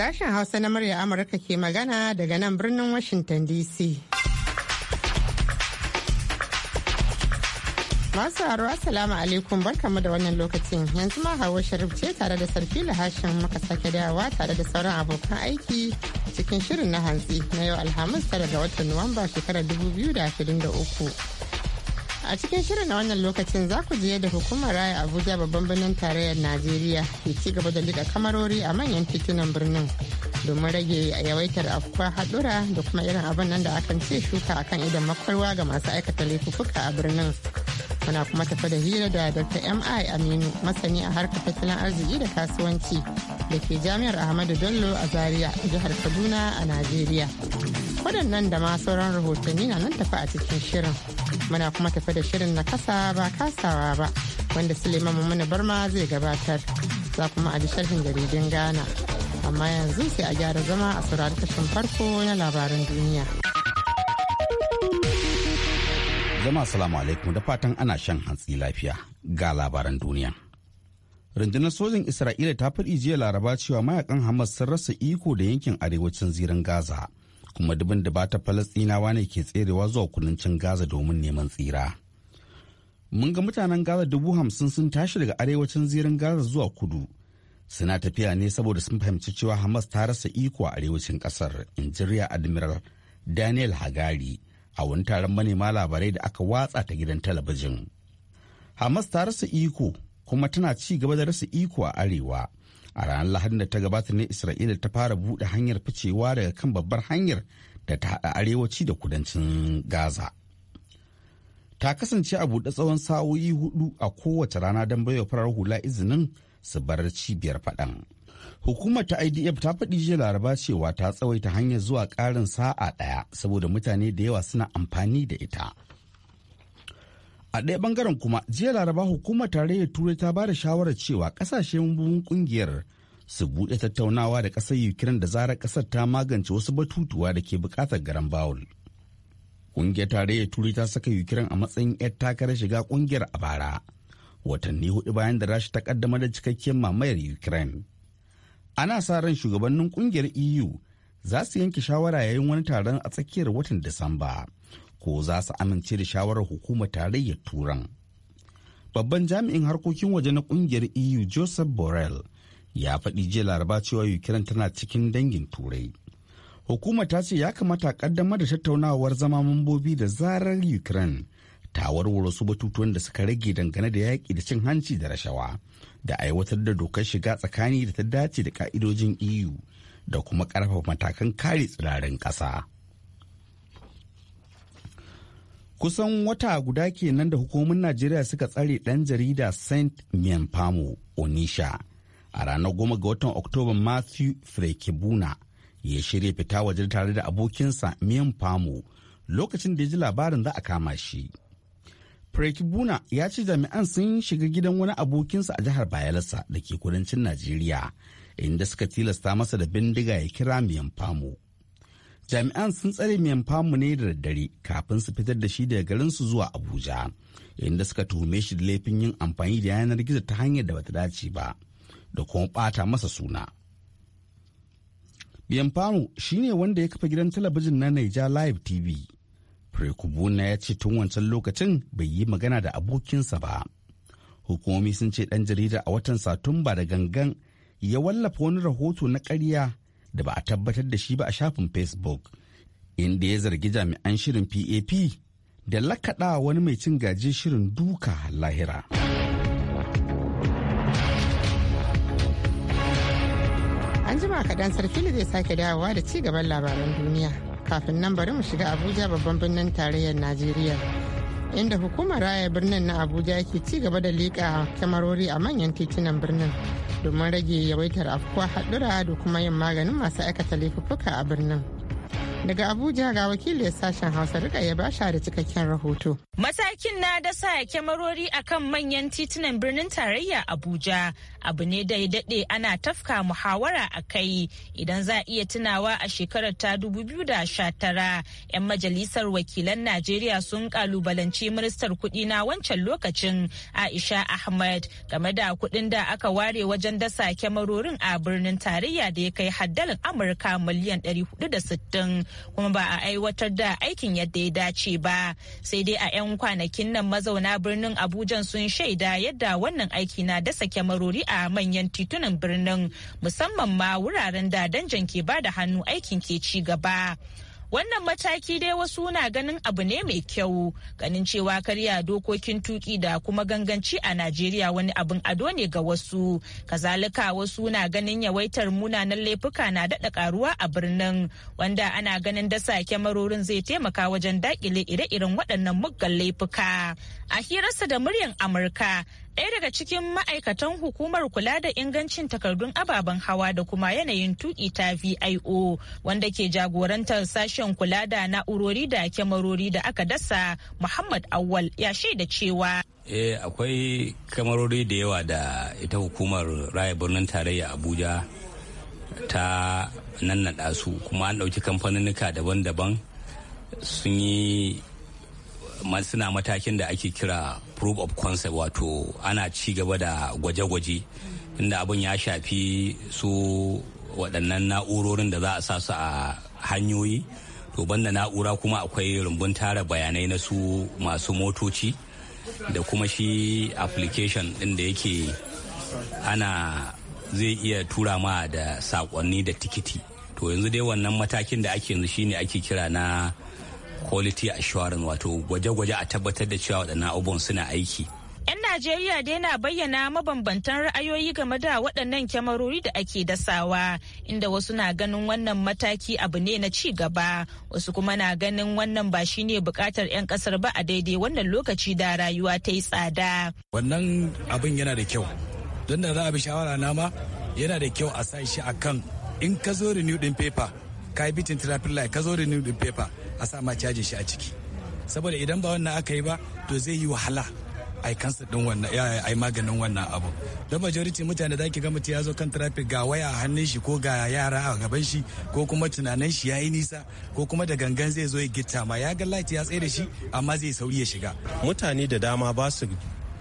Sashen Hausa na murya Amurka ke magana daga nan birnin Washington DC. Masu haro Assalamu alaikum barkamu da wannan lokacin yanzu ma Hawa Sharif ce tare da Sarfi Lahashin muka sake dawowa tare da sauran abokan aiki cikin shirin na hantsi na yau Alhamis tara ga watan Nuwamba shekarar 2023. a cikin shirin na wannan lokacin za ku je da hukumar raya abuja babban birnin tarayyar najeriya ke ci gaba da liƙa kamarori a manyan titunan birnin domin rage yawaitar afkuwa haɗura da kuma irin abin nan da akan ce shuka akan idan makwarwa ga masu aikata laifuka a birnin muna kuma tafi da hira da dr mi aminu masani a harkar tattalin arziki da kasuwanci da ke jami'ar ahmadu bello a zaria jihar kaduna a najeriya waɗannan da ma sauran rahotanni na nan tafi a cikin shirin muna kuma tafi da shirin na kasa ba kasawa ba wanda suleiman mummuna barma zai gabatar za kuma a ji sharhin jaridun ghana amma yanzu sai a gyara zama a saurari kashin farko na labaran duniya jama'a salamu alaikum da fatan ana shan hantsi lafiya ga labaran duniya rundunar sojin isra'ila ta faɗi jiya laraba cewa mayakan hamas sun rasa iko da yankin arewacin zirin gaza kuma dubin da bata falastinawa ne ke tserewa zuwa kudancin gaza domin neman tsira mun ga mutanen gaza dubu hamsin sun tashi daga arewacin zirin gaza zuwa kudu suna tafiya ne saboda sun fahimci cewa hamas ta rasa iko a arewacin kasar injiriya admiral daniel hagari a wani taron manema labarai da aka watsa ta gidan talabijin hamas ta rasa iko kuma tana ci gaba da rasa iko a arewa a ranar lahadin da ta gabata ne isra'ila ta fara buɗe hanyar ficewa daga kan babbar hanyar da ta haɗa arewaci da kudancin gaza ta kasance a buɗe tsawon sa'o'i hudu a kowace rana don baiwa farar hula izinin su bar cibiyar faɗan hukumar ta idf ta faɗi jiya laraba cewa ta tsawaita hanyar zuwa ƙarin sa'a ɗaya saboda mutane da yawa suna amfani da ita a ɗaya bangaren kuma jiya laraba hukumar tarayyar turai ta ba da shawarar cewa ƙasashe mambobin ƙungiyar su buɗe tattaunawa da ƙasar ukraine da zarar ƙasar ta magance wasu batutuwa da ke buƙatar garan bawul ƙungiyar tarayyar turai ta saka ukraine a matsayin 'yar takarar shiga ƙungiyar a bara watanni hudu bayan da rasha ta kaddamar da cikakkiyar mamayar ukraine ana sa ran shugabannin ƙungiyar eu za su yanke shawara yayin wani taron a tsakiyar watan disamba. ko za su amince da shawarar hukumar tarayyar turan babban jami'in harkokin waje na kungiyar eu joseph borrell ya faɗi jiya laraba cewa ukraine tana cikin dangin turai hukumar ta ce ya kamata a kaddamar da tattaunawar zama mambobi da zarar ukraine ta warware su batutuwan da suka rage dangane da yaƙi da cin hanci da rashawa da aiwatar da dokar shiga tsakani da ta dace da ka'idojin eu da kuma ƙarfafa matakan kare tsirarin ƙasa. kusan wata guda kenan da hukumomin najeriya suka tsare ɗan jarida saint mianfamo onisha a ranar goma ga watan oktoba matthew Frekibuna ya shirya fita waje tare da abokinsa mianfamo lokacin da ya ji labarin za a kama shi Frekibuna ya ce jami'an sun shiga gidan wani abokinsa a jihar bayelsa da ke kudancin najeriya inda suka tilasta masa da bindiga ya kira miyanfamo jami'an sun tsare miyan famu ne da daddare kafin su fitar da shi daga garinsu zuwa abuja inda suka tuhume shi da laifin yin amfani da yanar gizo ta hanyar da bata dace ba da kuma bata masa suna miyan famu shine wanda ya kafa gidan talabijin na naija live tv Kubuna ya ce tun wancan lokacin bai yi magana da abokinsa ba hukumomi sun ce dan jarida a watan satumba da gangan ya wallafa wani rahoto na ƙarya da ba a tabbatar da shi ba a shafin facebook inda ya zargi jami'an shirin pap da lakaɗa wani mai cin gaji shirin duka lahira an jima kaɗan sarfili zai sake dawowa da ci gaban labaran duniya kafin nan bari mu shiga abuja babban birnin tarayyar najeriya inda hukumar raya birnin na abuja ke ci gaba da liƙa kyamarori a manyan titunan birnin domin rage yawaitar afkuwa haɗura da kuma yin maganin masu aikata laifuka a birnin Daga Abuja ga wakilin sashen Hausa rika ya basha da cikakken rahoto. Matakin na da sa kyamarori akan manyan titunan birnin tarayya Abuja abu ne da ya daɗe ana tafka muhawara a kai idan za a iya tunawa a shekarar ta 2019 'yan majalisar wakilan Najeriya sun kalubalanci ministar kuɗi na wancan lokacin Aisha ahmed game da kuɗin da aka ware wajen dasa kyamarorin a birnin tarayya da ya kai haddalin Amurka miliyan da sittin. kuma ba a aiwatar da aikin yadda ya dace ba sai dai a 'yan kwanakin nan mazauna birnin abuja sun shaida yadda wannan aiki na dasa kyamarori a manyan titunan birnin musamman ma wuraren da danjan ke ba da hannu aikin ke ci gaba wannan mataki dai wasu na ganin abu ne mai kyau ganin cewa karya dokokin tuki da kuma ganganci a najeriya wani abin ado ne ga wasu kazalika wasu na ganin yawaitar munanan laifuka na daɗa karuwa a birnin wanda ana ganin dasa kyamarorin zai taimaka wajen daƙile ire-iren waɗannan muggan laifuka a hirarsa da muryar amurka ɗaya daga cikin ma'aikatan hukumar kula da ingancin takardun ababen hawa da kuma yanayin tuki ta vio wanda ke jagorantar sashen kula da na'urori da kyamarori da aka dasa muhammad awal ya shaida cewa eh akwai kyamarori da yawa da ita hukumar raya birnin tarayya abuja ta nan na su kuma an ɗauki kamfaninnika daban-daban sun yi suna matakin da ake kira proof of concept wato ana ci gaba da gwaje-gwaje inda abin ya shafi su waɗannan na'urorin da za a sa su a hanyoyi to banda na'ura kuma akwai rumbun tara bayanai na su masu motoci da kuma shi application ɗin da yake ana zai iya tura ma da sakonni da tikiti to yanzu dai wannan matakin da ake yanzu shine ake kira na quality assurance wato gwaje-gwaje a tabbatar da cewa waɗannan abubuwan suna aiki 'Yan Najeriya dai na bayyana mabambantan ra'ayoyi game da waɗannan kyamarori da ake dasawa, inda wasu na ganin wannan mataki abu ne na ci gaba, wasu kuma na ganin wannan ba shi ne bukatar 'yan ƙasar ba a daidai wannan lokaci da rayuwa ta yi tsada. Wannan abin yana da kyau, don da za a bi shawara nama yana da kyau a sa shi a kan in ka zo renew din paper ka yi bitin traffic light ka zo da new paper a sa ma cajin shi a ciki saboda idan ba wannan aka yi ba to zai yi wahala a yi kansa din wannan ya yi maganin wannan abu don majority mutane da ki ga mutum ya zo kan traffic ga waya a hannun shi ko ga yara a gaban shi ko kuma tunanin shi ya yi nisa ko kuma da gangan zai zo ya gitta ma ya ga light ya tsaye da shi amma zai sauri ya shiga mutane da dama ba su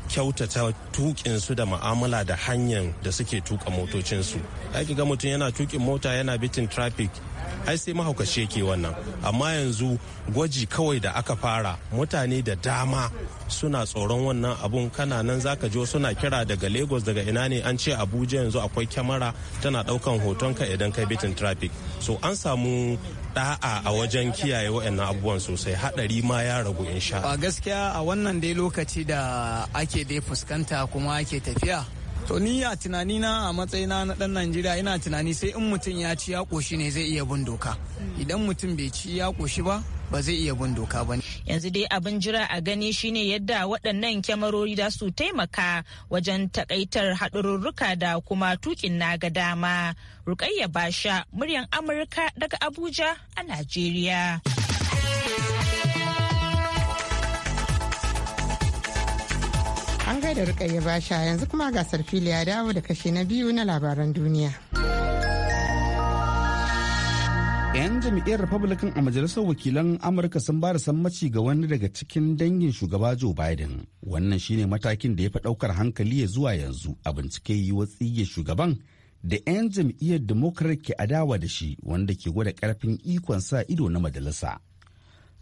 kyautata tukinsu da ma'amala da hanyar da suke tuka motocinsu. Aiki ga mutum yana tukin mota yana bitin traffic ai sai mahaukaci yake wannan amma yanzu gwaji kawai da aka fara mutane da dama suna tsoron wannan abun kana nan zaka jo suna kira daga lagos daga ina ne an ce abuja yanzu akwai kyamara tana daukan hoton ka idan kai bitin traffic so an samu da'a a wajen kiyaye waɗannan abubuwan sosai hadari ma ya ragu in sha. a gaskiya a wannan dai lokaci da ake dai fuskanta kuma ake tafiya to ni a tunani na a matsayina na dan najeriya ina tunani sai in mutum ya ci ya koshi ne zai iya bin doka idan mutum bai ci ya koshi ba ba zai iya bin doka ba yanzu dai abin jira a gani shine yadda waɗannan kyamarori da su taimaka wajen takaitar haɗururruka da kuma tukin na ga dama rukayya basha muryan amurka daga abuja a najeriya An gaida ya basha yanzu kuma ga sarfili ya dawo da kashe na biyu na labaran duniya. 'Yan jami'ar Republican a Majalisar Wakilan Amurka sun ba da sammaci ga wani daga cikin dangin shugaba Joe Biden. Wannan shine matakin da ya fi daukar hankali ya zuwa yanzu a bincike yi tsige shugaban da 'yan jam'iyyar Democrat ke adawa da shi wanda ke gwada karfin ikon sa ido na majalisa.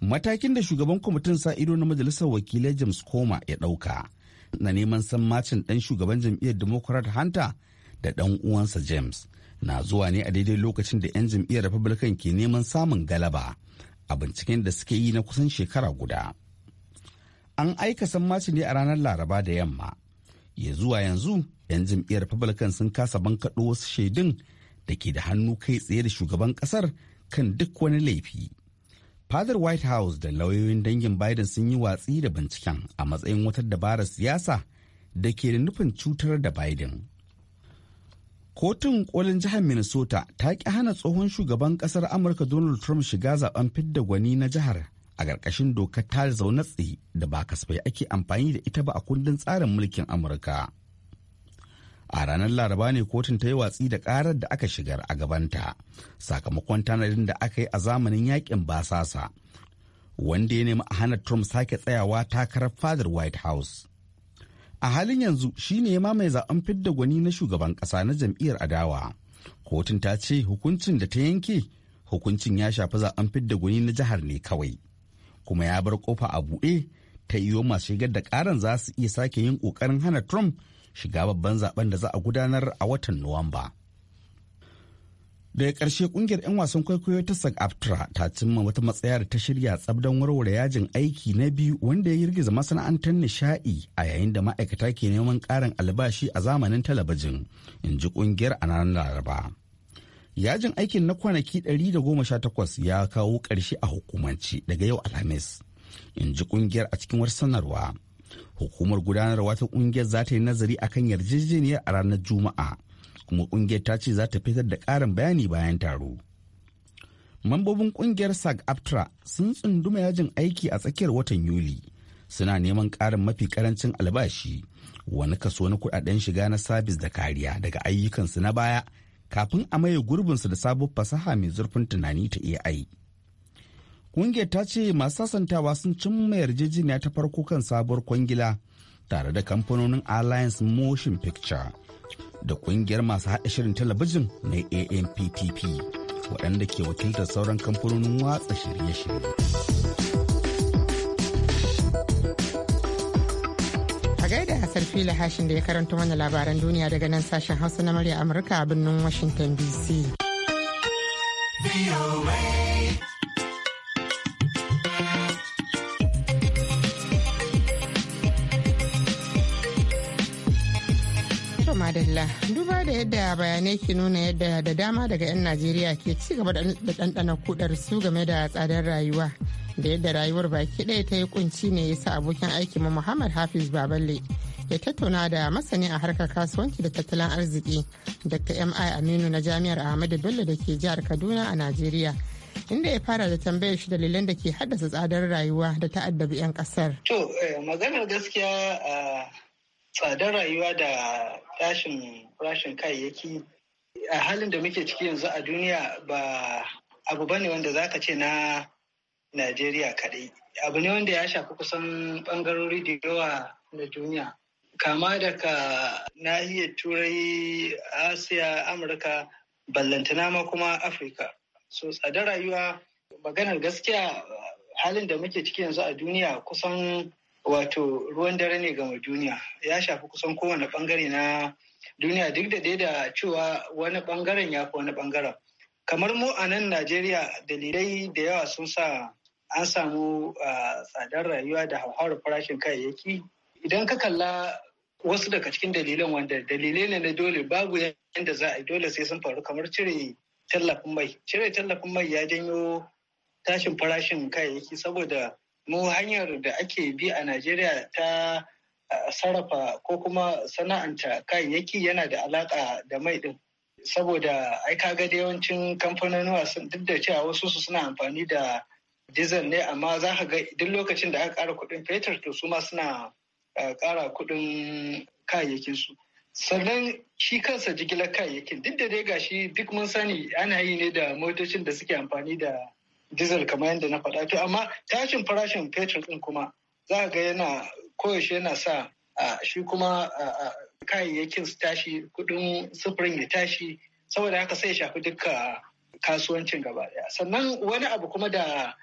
Matakin da shugaban kwamitin sa ido na majalisar wakilai James Koma ya dauka. na neman sammacin ɗan shugaban jam'iyyar democrat hunter da ɗan uwansa james na zuwa ne a daidai lokacin da 'yan jam'iyyar republican ke neman samun galaba a binciken da suke yi na kusan shekara guda an aika sammaci ne a ranar laraba da yamma ya zuwa yanzu 'yan jam'iyyar republican sun kasa bankaɗo wasu shaidun da ke da hannu kai tsaye da shugaban kasar kan duk wani laifi fadar white house da lauyoyin dangin biden sun yi watsi da binciken a matsayin wata dabarar siyasa da ke da nufin cutar da biden kotun kolin jihar minnesota ta ki hana tsohon shugaban kasar amurka donald trump shiga zaben fidda gwani na jihar a ƙarƙashin dokar ta zaune tsaye da ba kasfai ake amfani da ita ba a kundin tsarin mulkin amurka a ranar laraba ne kotun ta yi watsi da karar da aka shigar a gabanta sakamakon tanadin da aka yi a zamanin yakin basasa wanda ya nemi a hana trump sake tsayawa takarar fadar white house a halin yanzu shi ne ya mai zaben fidda gwani na shugaban kasa na jam'iyyar adawa kotun ta ce hukuncin da ta yanke hukuncin ya shafi zaben fidda gwani na jihar ne kawai kuma ya bar kofa a buɗe ta iyo masu shigar da karan za su iya sake yin ƙoƙarin hana trump shiga babban zaben da za a gudanar a watan Nuwamba. Daga ƙarshe ƙungiyar 'yan wasan kwaikwayo ta sag aftra ta cimma wata matsaya da ta shirya tsabdan warware yajin aiki na biyu wanda ya girgiza masana'antar nishaɗi a yayin da ma'aikata ke neman ƙarin albashi a zamanin talabijin, in ji ƙungiyar a ranar Laraba. yajin aikin na kwanaki 118 ya kawo ƙarshe a hukumance daga yau alhamis in ji ƙungiyar a cikin wata sanarwa Hukumar gudanar ta kungiyar za ta yi nazari akan yarjejeniyar a ranar Juma'a, kuma kungiyar ta ce za ta fitar da ƙarin bayani bayan taro. Mambobin kungiyar sag aftra sun tsunduma yajin aiki a tsakiyar watan Yuli, suna neman ƙarin mafi karancin albashi, wani kaso na kuɗaɗen shiga na sabis da kariya daga ayyukansu na baya kafin a maye gurbinsu da sabon fasaha mai zurfin tunani ta AI. Kungiyar ta ce masu sasantawa sun cimma yarjejeniya ta farko kan sabuwar kwangila tare da kamfanonin Alliance Motion Picture da kungiyar masu haɗa shirin talabijin na AMPTP waɗanda ke wakiltar sauran kamfanonin watsa shirye-shirye. A gaida hasar Fila Hashin da ya karanta mana labaran duniya daga nan sashen Hausa na murya Amurka a birnin Washington DC. madalla duba da yadda bayanai ke nuna yadda da dama daga 'yan najeriya ke ci gaba da ɗanɗana kudar su game da tsadar rayuwa da yadda rayuwar baki ɗaya ta yi kunci ne ya sa abokin aiki mu muhammad hafiz baballe ya tattauna da masani a harkar kasuwanci da tattalin arziki dr mi aminu na jami'ar ahmadu bello da ke jihar kaduna a najeriya inda ya fara da tambayar shi dalilan da ke haddasa tsadar rayuwa da ta'addabi 'yan kasar. to eh, maganar gaskiya ah, tsadar rayuwa da tashin rashin kayayyaki a halin da muke ciki yanzu a duniya ba abu ba ne wanda zaka ce na Najeriya kaɗai. Abu ne wanda ya shafi kusan ɓangarori da yawa na duniya. Kama daga nahiyar Turai, Asiya, Amurka, ballantana ma kuma Afirka. So tsadar rayuwa maganar gaskiya halin da muke ciki yanzu a duniya kusan wato ruwan dare ne ga duniya ya shafi kusan kowane bangare na duniya duk da dai da cewa wani bangaren ya fi wani bangaren kamar mu a nan najeriya dalilai da yawa sun sa an samu tsadar rayuwa da hauhawar farashin kayayyaki idan ka kalla wasu daga cikin dalilan wanda dalilai ne na dole babu yadda za a yi dole sai sun faru kamar cire tallafin mai cire tallafin mai ya janyo tashin farashin kayayyaki saboda mu hanyar da ake bi a najeriya ta sarrafa ko kuma sana'anta kayayyaki yana da alaƙa da mai ɗin. saboda ai kaga da yawancin kamfanonuwa wasu duk da cewa wasu su suna amfani da diesel ne amma za ka ga duk lokacin da aka ƙara kuɗin fetur to su ma suna ƙara kuɗin kayayyakin su sannan shi kansa jigilar kayayyakin duk da dai gashi duk mun sani ana yi ne da motocin da suke amfani da diesel kamar yadda na faɗa to amma tashin farashin fetur ɗin kuma za ga yana koyaushe yana sa shi kuma kayayyakin su tashi kuɗin sufurin ya tashi saboda haka sai ya shafi duka kasuwancin gaba ɗaya sannan wani abu kuma da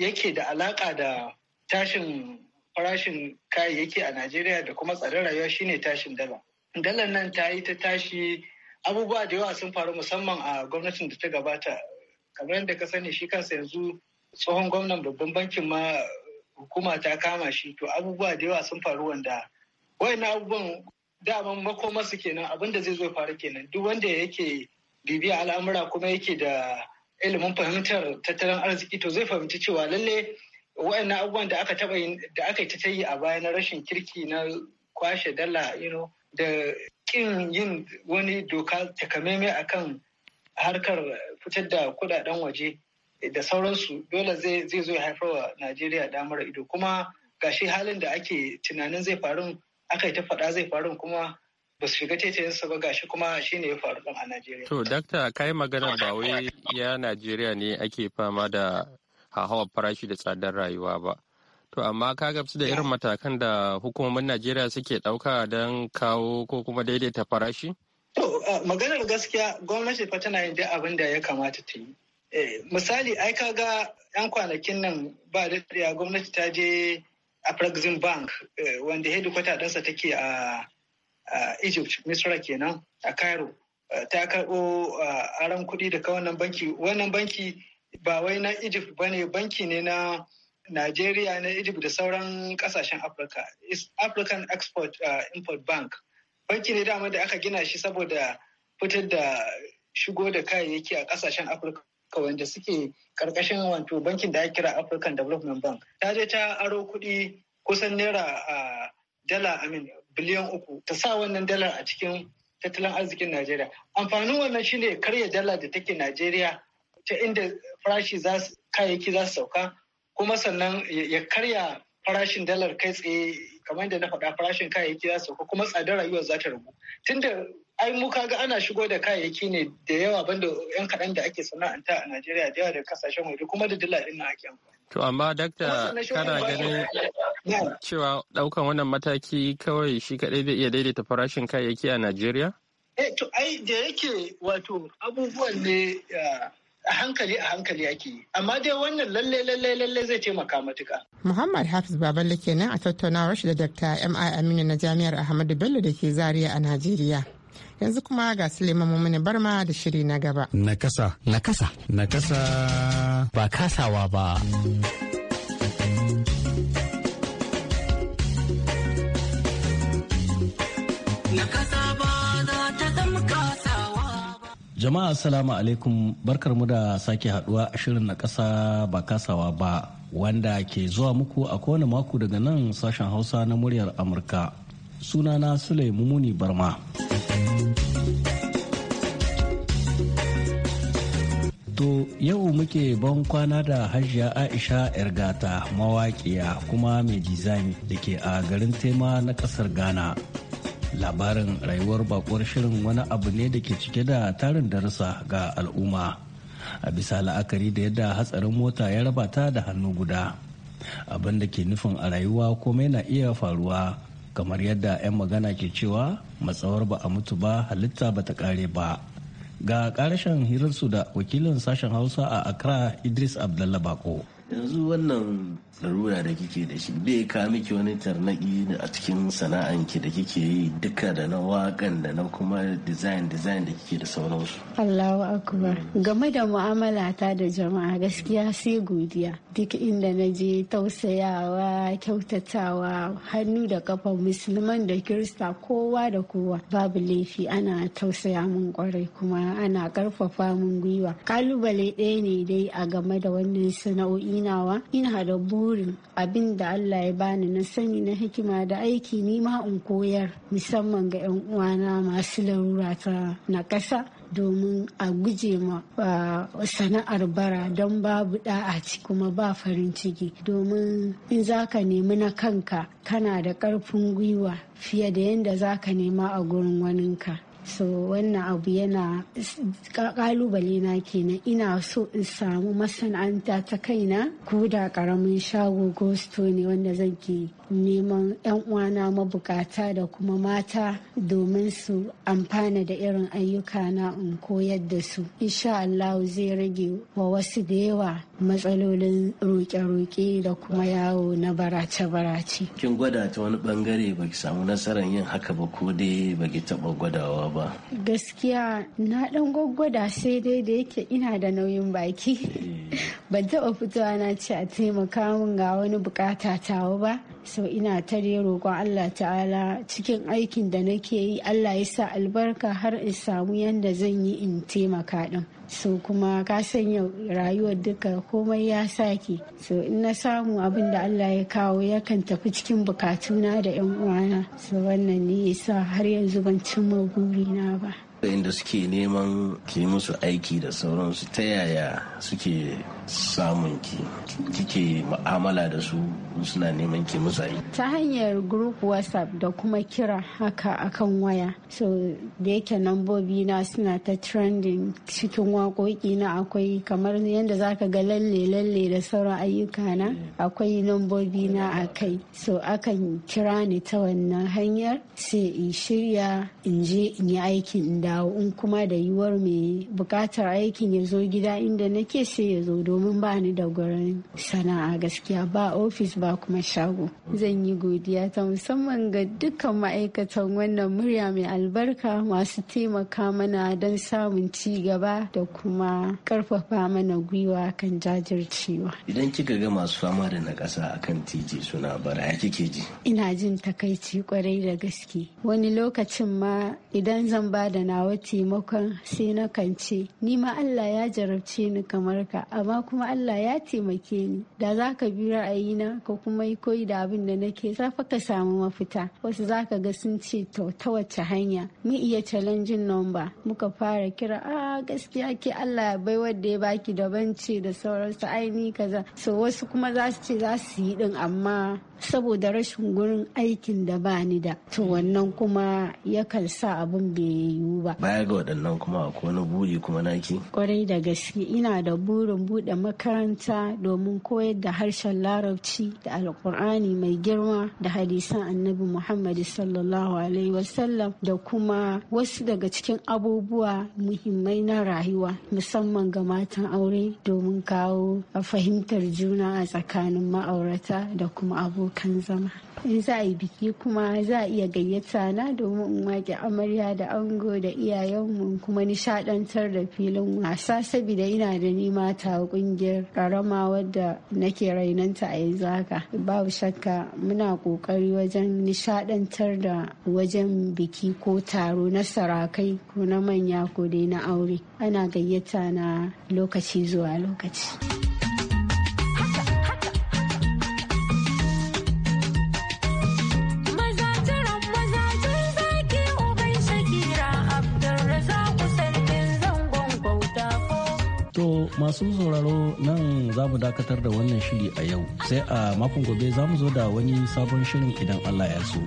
yake da alaƙa da tashin farashin kayayyaki a Najeriya da kuma tsadar rayuwa shine tashin dala. Dalar nan ta yi ta tashi abubuwa da yawa sun faru musamman a gwamnatin da ta gabata kamar yadda ka sani shi kansa yanzu tsohon gwamnan babban bankin ma hukuma ta kama shi to abubuwa da yawa sun faru wanda wayannan abubuwan daman makomarsu kenan abin da zai zo faru kenan duk wanda yake bibiya al'amura kuma yake da ilimin fahimtar tattalin arziki to zai fahimci cewa lalle wayannan abubuwan da aka taba da aka yi ta yi a baya na rashin kirki na kwashe dala you know da kin yin wani doka takamaimai akan harkar fitar da kudaden waje da sauransu dole zai zo ya haifar wa najeriya damar ido kuma gashi halin da ake tunanin zai faru aka yi ta faɗa zai faru kuma ba su shiga su ba gashi kuma shine ya faru a najeriya to dakta kai magana ba wai ya najeriya ne ake fama da hahawar farashi da tsadar rayuwa ba To amma ka gamsu da irin matakan da hukumomin Najeriya suke ɗauka don kawo ko kuma daidaita farashi? maganar gaskiya gwamnati fa tana yin duk abin da ya kamata ta yi. Eh, misali, ai ga 'yan kwanakin nan ba da gwamnati ta je a Praxim Bank eh, wanda kwata ɗansa take a Egypt, Misra kenan, a Cairo. Eh, ta karɓo aron kuɗi daga wannan banki. Wannan banki ba wai na Egypt ba ne, banki ne na Najeriya na Egypt da sauran ƙasashen Afirka. African Export Import Bank. banki ne dama da aka gina shi saboda fitar da shigo da kayayyaki a kasashen afirka wanda suke karkashin wato bankin da ya kira african development bank ta je ta aro kuɗi kusan naira a dala amin biliyan uku ta sa wannan dalar a cikin tattalin arzikin najeriya amfanin wannan shine karya dala da take najeriya ta inda farashi kayayyaki za su sauka kuma sannan ya karya farashin dalar kai tsaye kamar yadda na faɗa farashin kayayyaki za su sauka kuma tsadar rayuwar za ta ragu tunda ai mu ka ga ana shigo da kayayyaki ne da yawa banda yan kaɗan da ake sana'anta a Najeriya da yawa da kasashen waje kuma da dillar ɗin ake amfani. To amma dakta kana ganin cewa ɗaukan wannan mataki kawai shi kaɗai zai iya daidaita farashin kayayyaki a Najeriya? Eh to ai da yake wato abubuwan ne ah, a hankali a hankali ake yi amma dai wannan lalle lalle lalle zai taimaka matuka. Muhammad Hafiz Baballe kenan a tattaunawar shi da Dr. MI Aminu na Jami'ar Ahmadu Bello da ke Zaria a Najeriya. Yanzu kuma ga Suleiman mummuni Barma da shiri na gaba. Na Na kasa. kasa. Na kasa. Ba kasawa ba. kasa. Jama'a assalamu alaikum barkar mu da sake haduwa a shirin na kasa ba kasawa ba wanda ke zuwa muku a kowane mako daga nan sashen Hausa na muryar Amurka. Sunana Sule Mumuni Barma. To yau muke ban kwana da hajiya Aisha Ergata mawaƙiya kuma mai dizayin da ke a garin tema na ƙasar Ghana. labarin rayuwar bakuwar shirin wani abu ne da ke cike da tarin darasa ga al'umma a bisa la'akari da yadda hatsarin mota ya rabata da hannu guda abin da ke nufin a rayuwa komai na iya faruwa kamar yadda 'yan magana ke cewa matsawar ba a mutu ba halitta ba ta kare ba ga karashen hirarsu da wakilin sashen hausa a accra idris abdullahi bako yanzu wannan larura da kike da shi bai ka miki wani tarnaki a cikin sana'anki da kike yi duka da na wakan da na kuma design design da kike da sauransu Allahu akbar game da mu'amala ta da jama'a gaskiya sai godiya duk inda na je tausayawa kyautatawa hannu da kafa musulman da kirista kowa da kowa babu laifi ana tausaya mun kwarai kuma ana karfafa mun gwiwa kalubale ɗaya ne dai a game da wannan sana'o'i nawa ina da burin abin da Allah ya bani na sani na hikima da aiki ni ma in koyar musamman ga 'yan uwana masu larura ta na ƙasa domin a guje ma sana'ar bara don babu ci kuma ba farin ciki domin in za ka nemi na kanka kana da ƙarfin gwiwa fiye da yadda za ka nema a gurin waninka so wannan abu yana kalubale na kenan ina so in samu masana'anta ta kaina ko da karamin shago ko ne wanda zan ke neman 'yan uwana mabukata da kuma mata domin su amfana da irin ayyuka na in koyar da su insha Allah zai rage wa wasu da yawa matsalolin roƙe-roƙe da kuma yawo na barace-barace kin gwada ta wani bangare ba ki samu nasarar yin haka ba ko dai ba ki taba gwadawa ba gaskiya na dan gwaggwada sai dai da yake ina da nauyin baki eh. ban taba fitowa na ce a taimaka mun ga wani bukata tawa ba sau ina ta roƙon Allah ta'ala cikin aikin da nake yi Allah ya sa albarka har in samu yadda zan yi in taimaka din so kuma ka sanya rayuwar duka komai ya sake so in na samu abin da Allah ya kawo yakan tafi cikin bukatuna da 'yan uwana so wannan ne sa har yanzu ban cimma burina ba inda suke neman ki musu aiki da sauransu ta yaya suke samun ki kike ma'amala da su suna neman ki musu aiki ta hanyar group whatsapp da kuma kira haka akan waya so da yake nambobi na suna ta trending cikin waƙoƙi na akwai kamar yadda zaka ga lalle lalle da sauran ayyuka na akwai nambobi na a kai so akan kira ni ta wannan hanyar sai in shirya in je in yi aikin da dawo in kuma da yiwuwar mai bukatar aikin ya zo gida inda nake sai ya zo domin ba ni da gurin sana'a gaskiya ba ofis ba kuma shago zan yi godiya ta musamman ga dukkan ma'aikatan wannan murya mai albarka masu taimaka mana don samun ci gaba da kuma karfafa mana gwiwa kan jajircewa idan kika ga masu fama da na kasa akan titi suna bara ya kike ji ina jin takaici kwarai da gaske wani lokacin ma idan zan ba da na nawa taimakon sai na kan ce ni ma Allah ya jarabce ni kamar ka amma kuma Allah ya taimake ni da za ka bi ra'ayina ka kuma yi koyi da abin da nake za fa ka samu mafita wasu za ka ga sun ce to ta wace hanya mu iya challenging number muka fara kira a gaskiya ke Allah ya bai wanda ya baki daban ce da sauransu aini kaza so wasu kuma za su ce za su yi din amma saboda rashin gurin aikin da ba ni da to hmm. wannan kuma yakan sa abin bai yiwu ba baya ga waɗannan kuma ko buri kuma naki kwarai da gaske ina da burin buɗe makaranta domin koyar da harshen larabci da alkur'ani mai girma da hadisan annabi muhammad sallallahu alaihi wasallam da kuma wasu daga cikin abubuwa muhimmai na rayuwa musamman ga matan aure domin kawo fahimtar juna a tsakanin ma'aurata da kuma abu abokan zama in za a yi biki kuma za a iya gayyata na domin in wake amarya da ango da iyayenmu kuma nishadantar da filin wasa saboda ina da nima ta kungiyar karama wadda nake rainanta a yanzu haka babu shakka muna kokari wajen nishadantar da wajen biki ko taro na sarakai ko na manya ko dai na aure ana gayyata na lokaci zuwa lokaci. masu sauraro nan za mu dakatar da wannan shiri a yau sai a makon gobe za mu zo da wani sabon shirin idan allah ya so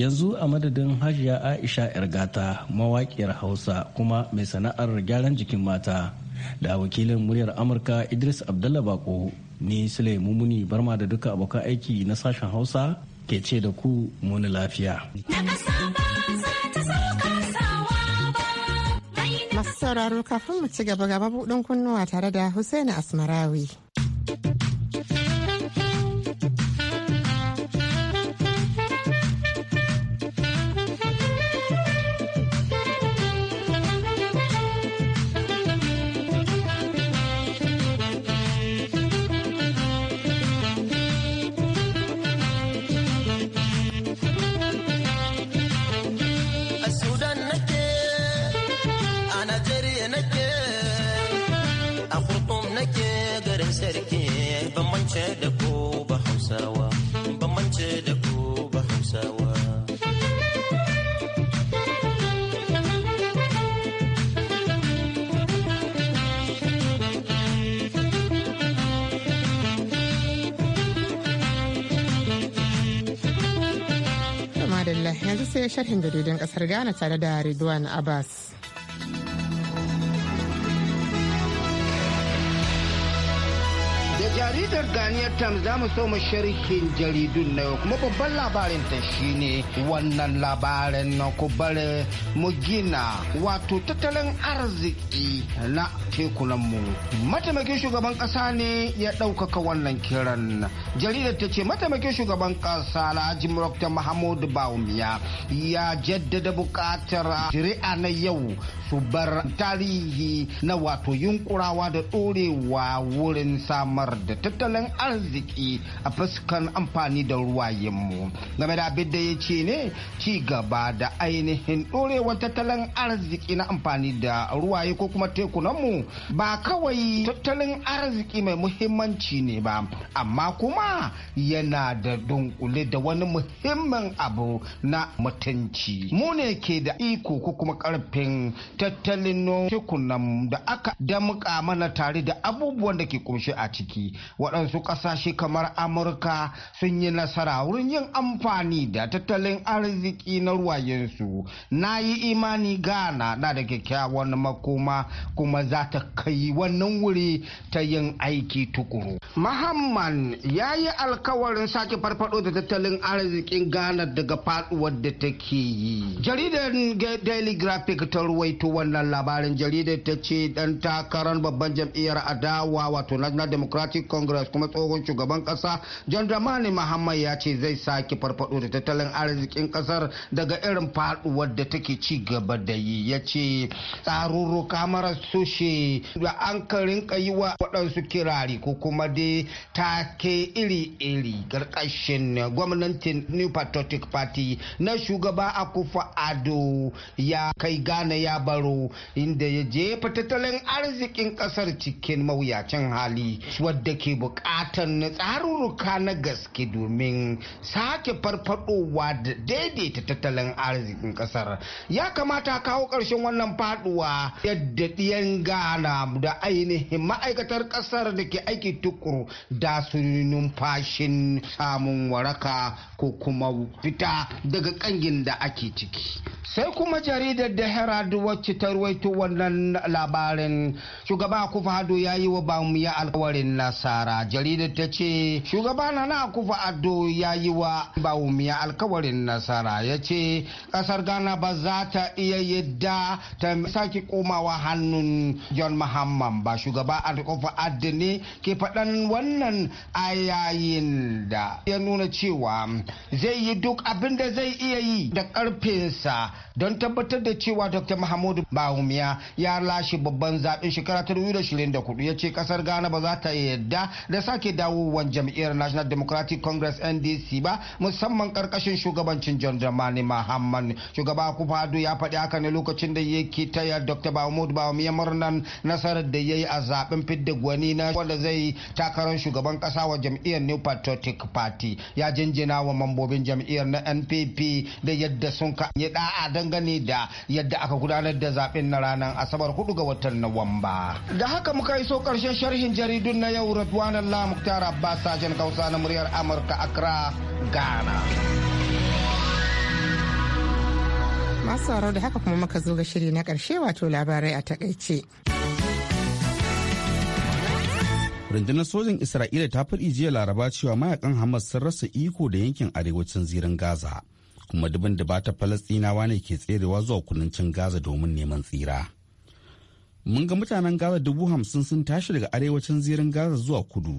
yanzu a madadin hajiya aisha ergata mawaƙiyar hausa kuma mai sana'ar gyaran jikin mata da wakilin muryar amurka idris abdullah bako ni sule mumuni barma da duka abokan aiki na sashen hausa ke ce da ku muni lafiya. sauraro kafin mu ci gaba gaba buɗin kunnuwa tare da Hussaini Asmarawi. Allah yanzu sai sharhin jaridan kasar Ghana tare da Ridwan Abbas. jaridar ganiyar times za mu so mu sharhin jaridun na yau kuma babban labarin ta shine wannan labarin na kubare mu gina wato tattalin arziki na tekunanmu mataimakin shugaban kasa ne ya ɗaukaka wannan kiran jaridar ta ce mataimakin shugaban kasa alhaji murakta mahamudu bawumiya ya jaddada buƙatar shari'a na yau wato bar tarihi na wato yunkurawa da ɗorewa wurin samar da tattalin arziki a fuskan amfani da ruwayenmu game da abin da ya ce ne ci gaba da ainihin ɗorewar tattalin arziki na amfani da ruwaye ko kuma mu, ba kawai tattalin arziki mai muhimmanci ne ba amma kuma yana da dunkule da wani muhimman abu na mutunci mu ne ke da iko ko kuma karfin tattalin noman da aka damƙa mana tare da abubuwan da ke kunshi a ciki waɗansu ƙasashe kamar amurka sun yi nasara wurin yin amfani da tattalin arziki na ruwayensu na yi imani ghana na da kyakkyawan makoma kuma za ta kai wannan wuri ta yin aiki tukuru muhammad ya yi alkawarin sake farfado da tattalin arzikin ghana daga faɗuwar da take yi jaridar daily graphic ta ruwaito ruwaito wannan labarin jaridar ta ce dan takarar babban jam'iyyar adawa wato national democratic congress kuma tsohon shugaban kasa john dramani muhammad ya ce zai sake farfado da tattalin arzikin kasar daga irin faduwar da take ci gaba da yi ya ce tsarurruka marasu she da an rinka yi waɗansu kirari ko kuma dai take iri-iri ƙarƙashin gwamnatin new patriotic party na shugaba akufa ado ya kai gane ya ba baro inda ya jefa tattalin arzikin kasar cikin mawuyacin hali wadda ke bukatar na tsarurruka na gaske domin sake farfadowa da daidaita tattalin arzikin kasar ya kamata kawo ƙarshen wannan faduwa yadda ɗiyan gana da ainihin ma'aikatar kasar da ke aiki tukuru da su numfashin samun waraka ko kuma fita daga kangin da ake ciki sai kuma jaridar da herald wacce ta ruwaito wannan labarin shugaba akufa ado ya yi wa bamuya alkawarin nasara jaridar ta ce shugaba nana akufa ado ya yi wa bamuya alkawarin nasara ya ce kasar ghana ba za ta iya yadda ta sake komawa hannun john mahamman ba shugaba kufa ado ne ke faɗan wannan a yayin da ya nuna cewa zai yi duk abin da zai iya yi da ƙarfinsa don tabbatar da cewa dr mahmud mahmud bawumiya ya lashe babban zaɓen shekara ta 2024 ya ce kasar ghana ba za ta yarda da sake wani jam'iyyar national democratic congress ndc ba musamman karkashin shugabancin john dramani mahamman shugaba Akufo ya faɗi haka ne lokacin da yake taya dr mahmud bawumiya murnan nasarar da ya yi a zaɓen fidda gwani na wanda zai takarar shugaban ƙasa wa jam'iyyar new patriotic party ya jinjina wa mambobin jam'iyyar na npp da yadda sun ka da'a dangane da yadda aka gudanar da da zaben na ranar Asabar 4 ga watan Nuwamba. Da haka muka iso karshen sharhin jaridun na yau Radwan Allah Muktar Abbas Sajan kausa na muryar Amurka Accra, Ghana. Masu sauraro da haka kuma muka zo ga shiri na karshe wato labarai a takaice. rundunar sojin isra'ila ta faɗi jiya laraba cewa mayakan hamas sun rasa iko da yankin arewacin zirin gaza kuma dubin da bata falastinawa ne ke tserewa zuwa kudancin gaza domin neman tsira mun ga mutanen gaza dubu hamsin sun tashi daga arewacin zirin gaza zuwa kudu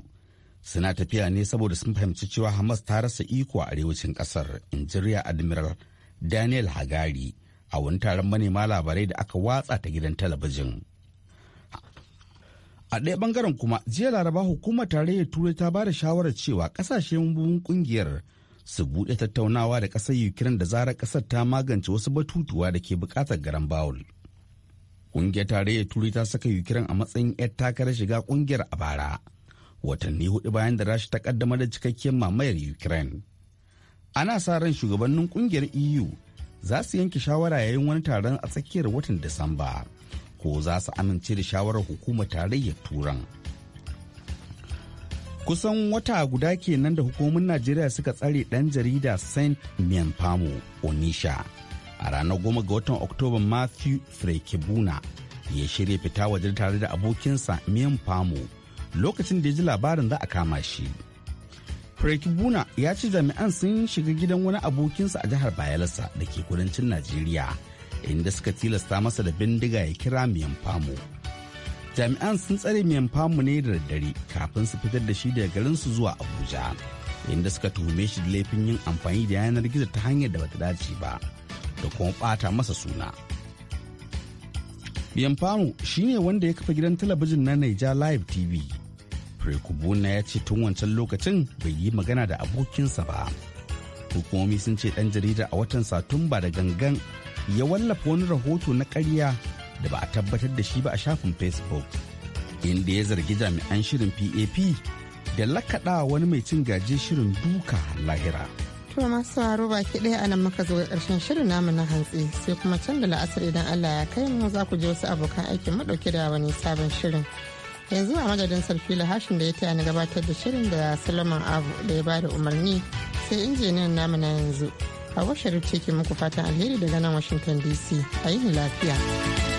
suna tafiya ne saboda sun fahimci cewa hamas ta rasa iko a arewacin kasar injiriya admiral daniel hagari a wani taron manema labarai da aka watsa ta gidan talabijin a ɗaya bangaren kuma jiya laraba hukumar tarayyar turai ta ba da shawarar cewa ƙasashen bubun ƙungiyar su bude tattaunawa da ƙasar Ukraine da zarar ƙasar ta magance wasu batutuwa da ke buƙatar garan bawul. Ƙungiyar tarayyar Turai ta saka Ukraine a matsayin 'yar takarar shiga ƙungiyar a bara, watanni hudu bayan da Rasha ta ƙaddama da cikakkiyar mamayar Ukraine. Ana sa ran shugabannin ƙungiyar EU za su yanke shawara yayin wani taron a tsakiyar watan Disamba, ko za su amince da shawarar hukumar tarayyar Turan. kusan wata guda kenan da hukumomin najeriya suka tsare dan jarida saint mianfamo onisha a ranar goma ga watan oktoba matthew frekebuna ya shirya fita waje tare da abokinsa mianfamo lokacin da ya ji labarin za a kama shi frekebuna ya ce jami'an sun shiga gidan wani abokinsa a jihar bayelsa da ke kudancin najeriya inda suka tilasta masa da bindiga ya kira mianfamo jami'an sun tsare miyan famu ne da daddare kafin su fitar da shi daga su zuwa abuja inda suka tuhume shi da laifin yin amfani da yanar gizo ta hanyar da bata dace ba da kuma bata masa suna miyan famu shine wanda ya kafa gidan talabijin na naija live tv Kubuna ya ce tun wancan lokacin bai yi magana da abokinsa ba hukumomi sun ce dan jarida a watan satumba da gangan ya wallafa wani rahoto na karya da ba a tabbatar da shi ba a shafin facebook inda ya zargi jami'an shirin pap da lakaɗa wani mai cin gaje shirin duka lahira to masu sauraro baki ɗaya anan muka zo ƙarshen shirin namu na hantsi sai kuma can da la'asar idan allah ya kai mu za ku je wasu abokan aikin madauke da wani sabon shirin yanzu a madadin salfila hashin da ya taya ni gabatar da shirin da salaman abu da ya ba da umarni sai injiniyan namu na yanzu a washe ce ke muku fatan alheri daga nan washington dc a yi lafiya